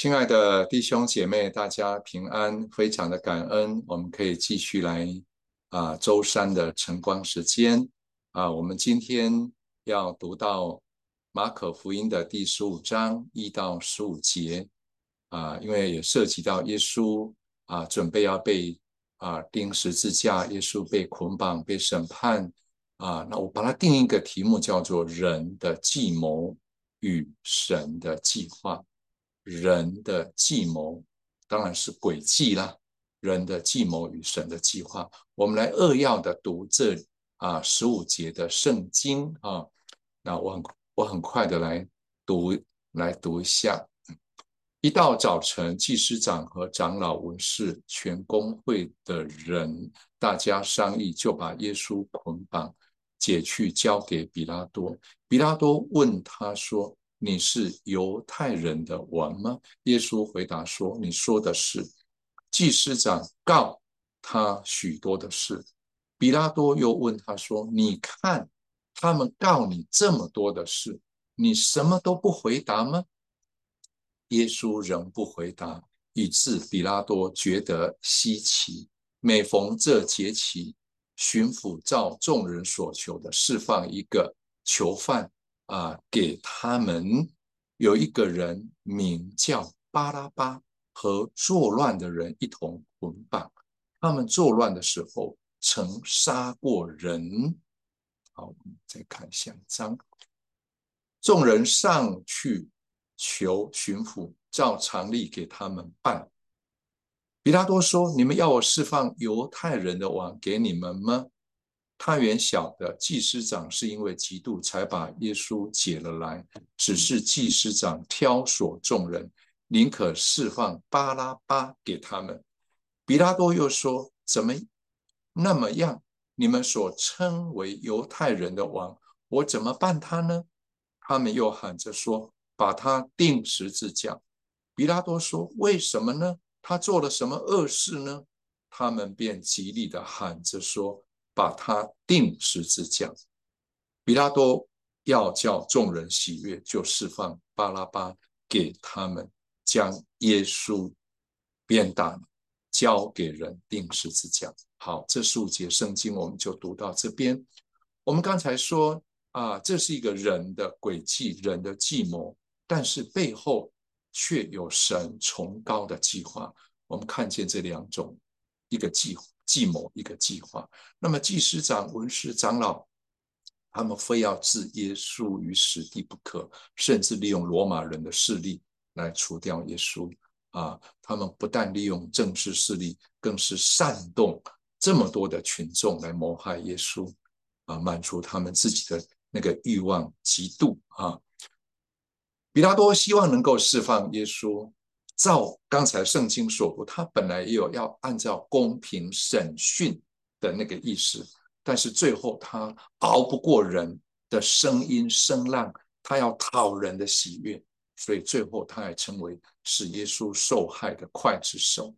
親愛的弟兄姐妹，大家平安，非常的感恩，我們可以繼續來啊、呃，週三的晨光時間啊、呃，我們今天要讀到馬可福音的第十五章一到十五節啊、呃，因為也涉及到耶穌啊、呃，準備要被啊釘、呃、十字架，耶穌被捆綁、被審判啊、呃，那我把它定一個題目，叫做“人的計謀與神的計劃”。人的計謀當然是詭計啦。人的計謀與神的計劃，我們來扼要的讀這啊十五節的聖經啊。那我很我很快的來讀來讀一下。一到早晨，祭司長和長老、文士、全公會的人，大家商議，就把耶穌捆綁，解去交給彼拉多。彼拉多問他說。你是猶太人的王嗎？耶穌回答說：“你說的是。”祭司長告他許多的事。比拉多又問他說：“你看，他們告你這麼多的事，你什麼都不回答嗎？”耶穌仍不回答，以致比拉多覺得稀奇。每逢這節期，巡撫照眾人所求的釋放一個囚犯。啊，給他們有一個人名叫巴拉巴，和作亂的人一同捆綁。他們作亂的時候曾殺過人。好，我們再看下一章。眾人上去求巡撫照常例給他們辦。彼拉多說：“你們要我釋放猶太人的王給你們嗎？”他原曉得祭司長是因為嫉妒才把耶穌解了來，只是祭司長挑唆眾人，寧可釋放巴拉巴給他們。彼拉多又說：“怎麼那麼樣？你們所稱為猶太人的王，我怎麼辦他呢？”他們又喊着說：“把他釘十字架。”彼拉多說：“為什麼呢？他做了什麼惡事呢？”他們便極力的喊着說。把他釘十字架！彼拉多要叫眾人喜悅，就釋放巴拉巴給他們，將耶穌鞭打，交給人釘十字架。好，這十五節聖經我們就讀到這邊。我們剛才說啊，這是一個人的詭計，人的計謀，但是背後卻有神崇高的計劃。我們看見這兩種一個計劃。計謀一個計劃，那麼祭司長、文士長老，他們非要置耶穌於死地不可，甚至利用羅馬人的勢力來除掉耶穌啊！他們不但利用政治勢力，更是煽動這麼多的群眾來謀害耶穌啊，滿足他們自己的那個欲望極度、嫉妒啊！彼拉多希望能夠釋放耶穌。照剛才聖經說過，他本來也有要按照公平審訊的那個意思，但是最後他熬不過人的聲音聲浪，他要討人的喜悅，所以最後他也成為使耶穌受害的劊子手。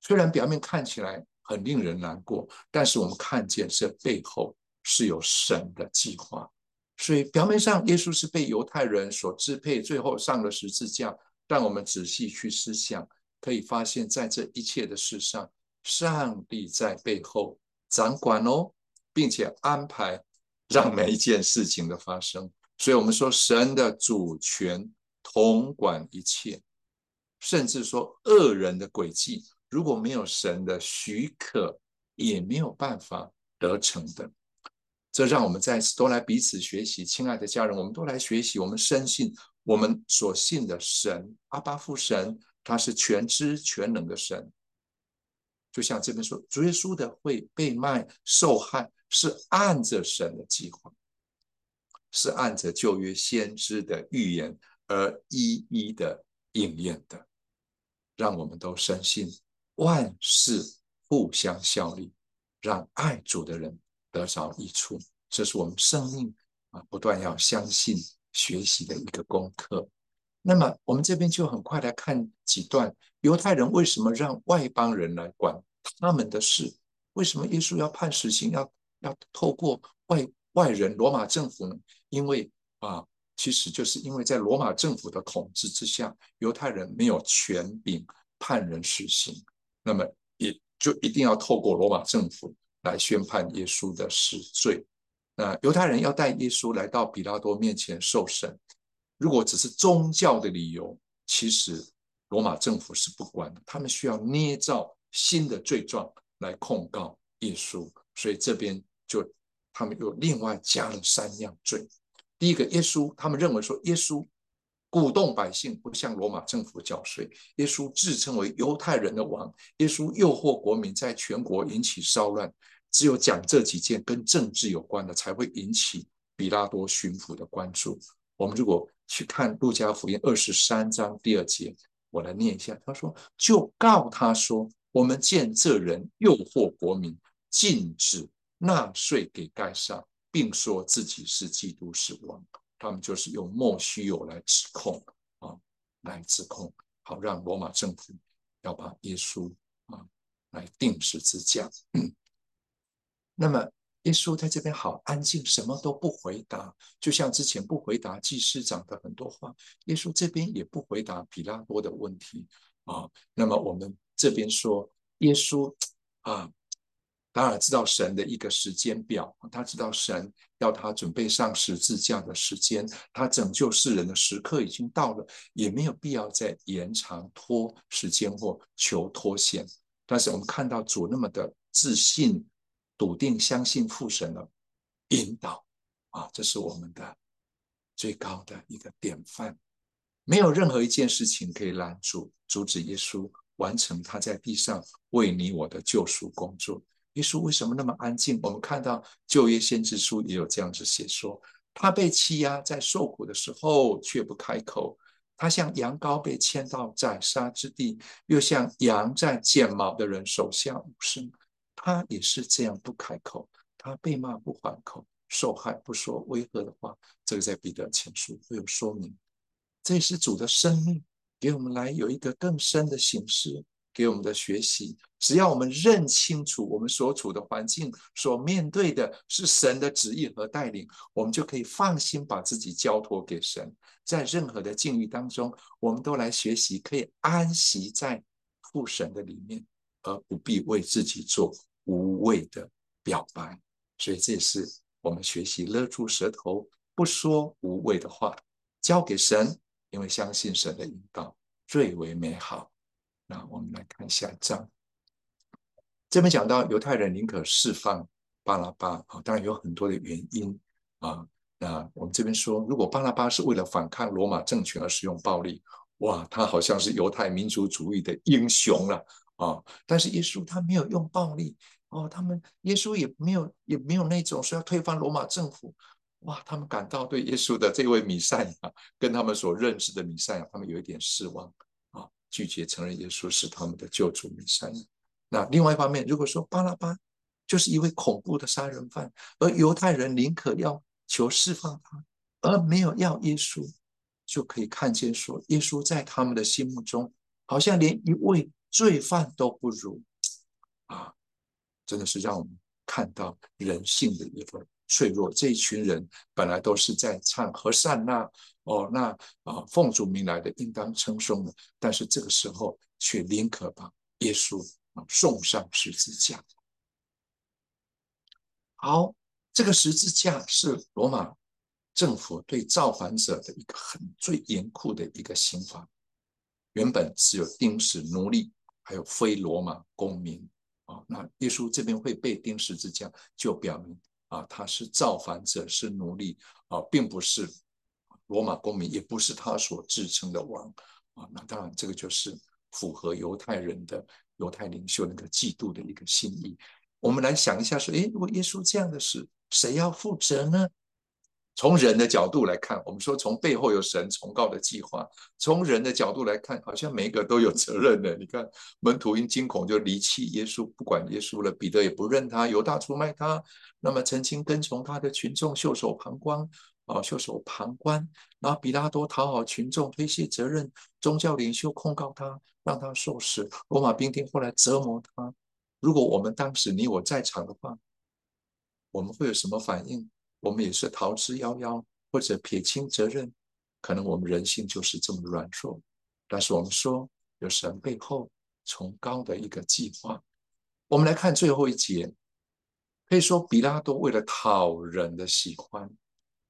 雖然表面看起來很令人難過，但是我們看見這背後是有神的計劃，所以表面上耶穌是被猶太人所支配，最後上了十字架。讓我們仔細去思想，可以發現，在這一切的事上，上帝在背後掌管哦，並且安排讓每一件事情的發生。所以，我們說，神的主權統管一切，甚至說，惡人的詭計如果沒有神的許可，也沒有辦法得逞的。這讓我們再次都來彼此學習，親愛的家人，我們都來學習，我們深信。我們所信的神阿爸父神，他是全知全能的神。就像這邊說，主耶穌的會被賣、受害，是按着神的計劃，是按着舊約先知的預言而一一的應驗的，讓我們都深信萬事互相效力，讓愛主的人得着益處。這是我們生命啊，不斷要相信。學習的一個功課，那麼我們這邊就很快來看幾段猶太人為什麼讓外邦人來管他們的事？為什麼耶穌要判死刑？要要透過外外人羅馬政府呢？因為啊，其實就是因為在羅馬政府的統治之下，猶太人沒有權柄判人死刑，那麼也就一定要透過羅馬政府來宣判耶穌的死罪。那猶太人要帶耶穌來到彼拉多面前受審。如果只是宗教的理由，其實羅馬政府是不管的。他們需要捏造新的罪狀來控告耶穌，所以這邊就他們又另外加了三樣罪。第一個，耶穌他們認為說，耶穌鼓動百姓不向羅馬政府繳稅；耶穌自稱為猶太人的王；耶穌誘惑國民，在全國引起騷亂。只有講這幾件跟政治有關的，才會引起彼拉多巡撫的關注。我們如果去看《路加福音》二十三章第二節，我來念一下。他說：“就告他說，我們見這人誘惑國民，禁止納稅給該撒，並說自己是基督，是王。”他們就是用莫須有來指控，啊，來指控，好讓羅馬政府要把耶穌啊來釘十字架、嗯。那麼，耶穌在這邊好安靜，什麼都不回答，就像之前不回答祭司長的很多話。耶穌這邊也不回答彼拉多的問題啊。那麼我們這邊說，耶穌啊，當然知道神的一個時間表，他知道神要他準備上十字架的時間，他拯救世人的時刻已經到了，也沒有必要再延長拖時間或求脫險。但是我們看到主那麼的自信。篤定相信父神的引導啊，這是我們的最高的一個典範。沒有任何一件事情可以攔阻、阻止耶穌完成他在地上為你我的救贖工作。耶穌為什麼那麼安靜？我們看到舊約先知書也有這樣子寫說：他被欺壓，在受苦的時候卻不開口；他像羊羔被牽到宰殺之地，又像羊在剪毛的人手下無聲。他也是這樣不開口，他被罵不還口，受害不說威嚇的話。這個在彼得前書會有說明。這是主的生命給我們來有一個更深的形式給我們的學習。只要我們認清楚我們所處的環境，所面對的是神的旨意和帶領，我們就可以放心把自己交托給神。在任何的境遇當中，我們都來學習可以安息在父神的裡面，而不必為自己做無謂的表白，所以這也是我們學習勒住舌頭，不說無謂的話，交給神，因為相信神的引導最為美好。那我們來看下一章，這邊講到猶太人寧可釋放巴拉巴啊，哦，當然有很多的原因啊。那我們這邊說，如果巴拉巴是為了反抗羅馬政權而使用暴力，哇，他好像是猶太民族主義的英雄了啊，啊。但是耶穌他沒有用暴力。哦，他們耶穌也沒有也沒有那種說要推翻羅馬政府，哇！他們感到對耶穌的這位彌賽亞跟他們所認識的彌賽亞，他們有一點失望啊、哦，拒絕承認耶穌是他們的救主彌賽亞。那另外一方面，如果說巴拉巴就是一位恐怖的殺人犯，而猶太人寧可要求釋放他，而沒有要耶穌，就可以看見說耶穌在他們的心目中，好像連一位罪犯都不如啊。真的是讓我們看到人性的一份脆弱。這一群人本來都是在唱和散、啊，那哦，那啊，奉主名來的，應當稱頌的，但是這個時候卻寧可把耶穌啊送上十字架。好，這個十字架是羅馬政府對造反者的一個很最嚴酷的一個刑罰。原本只有釘死奴隸，還有非羅馬公民。啊，那耶穌這邊會被釘十字架，就表明啊他是造反者，是奴隸啊，並不是羅馬公民，也不是他所自稱的王啊。那當然，這個就是符合猶太人的猶太領袖那個嫉妒的一個心意。我們來想一下，說，誒，如果耶穌這樣的事，誰要負責呢？從人的角度來看，我們說從背後有神崇高的計劃。從人的角度來看，好像每一個都有責任的。你看，門徒因驚恐就離棄耶穌，不管耶穌了；彼得也不認他，猶大出賣他。那麼曾經跟從他的群眾袖手旁觀啊，袖手旁觀。然後彼拉多討好群眾，推卸責任；宗教領袖控告他，讓他受死；羅馬兵丁後來折磨他。如果我們當時你我在場的話，我們會有什麼反應？我們也是逃之夭夭，或者撇清責任。可能我們人性就是這麼軟弱。但是我們說，有神背後崇高的一個計劃。我們來看最後一節，可以說彼拉多為了討人的喜歡，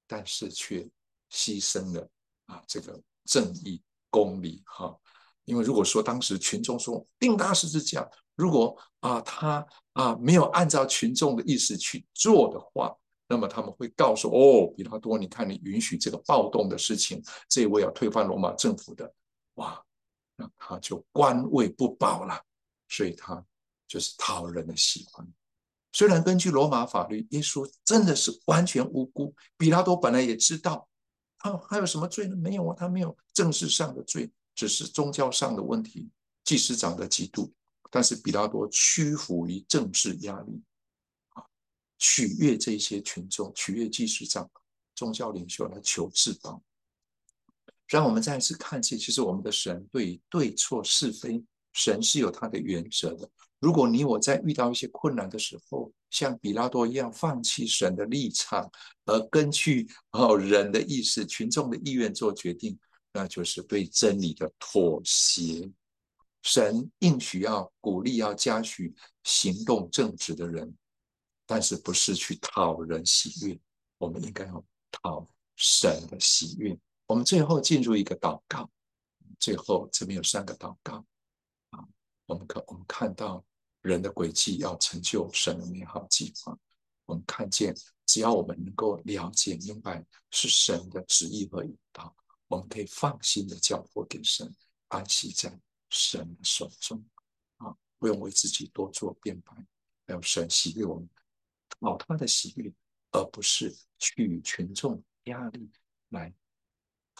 但是卻犧牲了啊，這個正義公理哈。因為如果說當時群眾說定大師是這樣，如果啊他啊沒有按照群眾的意思去做的話。那麼他們會告訴哦，比拉多，你看你允許這個暴動的事情，這一位要推翻羅馬政府的，哇，那他就官位不保了，所以他就是討人的喜歡。雖然根據羅馬法律，耶穌真的是完全無辜。比拉多本來也知道，啊、哦，還有什麼罪呢？沒有啊，他沒有政治上的罪，只是宗教上的問題，祭司長的嫉妒。但是比拉多屈服於政治壓力。取悅這些群眾，取悅祭司長、宗教領袖來求自保。讓我們再一次看見，其實我們的神對於對錯是非，神是有他的原則的。如果你我，在遇到一些困難的時候，像彼拉多一樣，放棄神的立場，而根據哦人的意識、群眾的意願做決定，那就是對真理的妥協。神應許要鼓勵、要嘉許行動正直的人。但是不是去討人喜悅，我們應該要討神的喜悅。我們最後進入一個禱告，最後這邊有三個禱告啊。我們可我們看到人的詭計要成就神的美好的計劃。我們看見，只要我們能夠了解，明白是神的旨意和引導，我們可以放心的交付給神，安息在神的手中啊，不用為自己多做辯白，讓神喜悅我們。保他的喜悅，而不是去群眾壓力來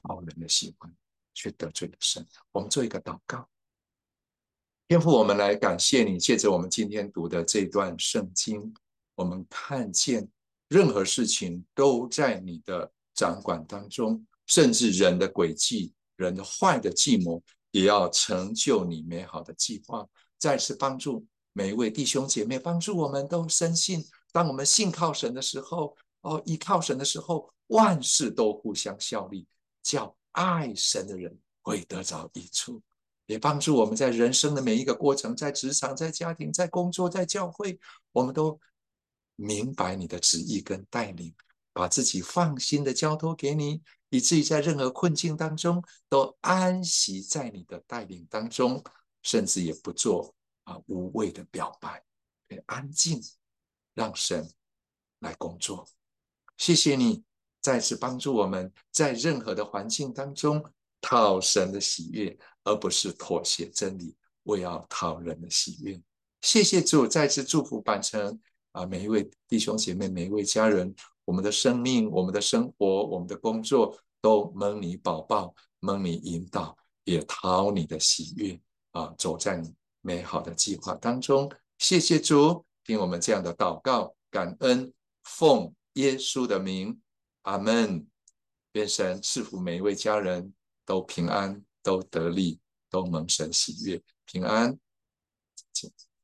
討人的喜歡，去得罪的神。我們做一個禱告。天父，我們來感謝你，借着我們今天讀的這段聖經，我們看見任何事情都在你的掌管當中，甚至人的詭計，人的壞的計謀，也要成就你美好的計劃。再次幫助每一位弟兄姐妹，幫助我們都深信，當我們信靠神的時候，哦，依靠神的時候，萬事都互相效力，叫愛神的人會得着益處，也幫助我們在人生的每一個過程，在職場、在家庭、在工作、在教會，我們都明白你的旨意跟帶領，把自己放心的交托給你，以至於在任何困境當中都安息在你的帶領當中，甚至也不做啊無謂的表白，很安靜。讓神來工作，謝謝你再次幫助我們在任何的環境當中討神的喜悅，而不是妥協真理。為要討人的喜悅。謝謝主，再次祝福板城啊，每一位弟兄姐妹，每一位家人，我們的生命、我們的生活、我們的工作都蒙你寶寶，蒙你引導，也討你的喜悅啊！走在你美好的計劃當中。謝謝主。聽我們這樣的禱告，感恩，奉耶穌的名，阿門。願神賜福每一位家人，都平安，都得力，都蒙神喜悅，平安。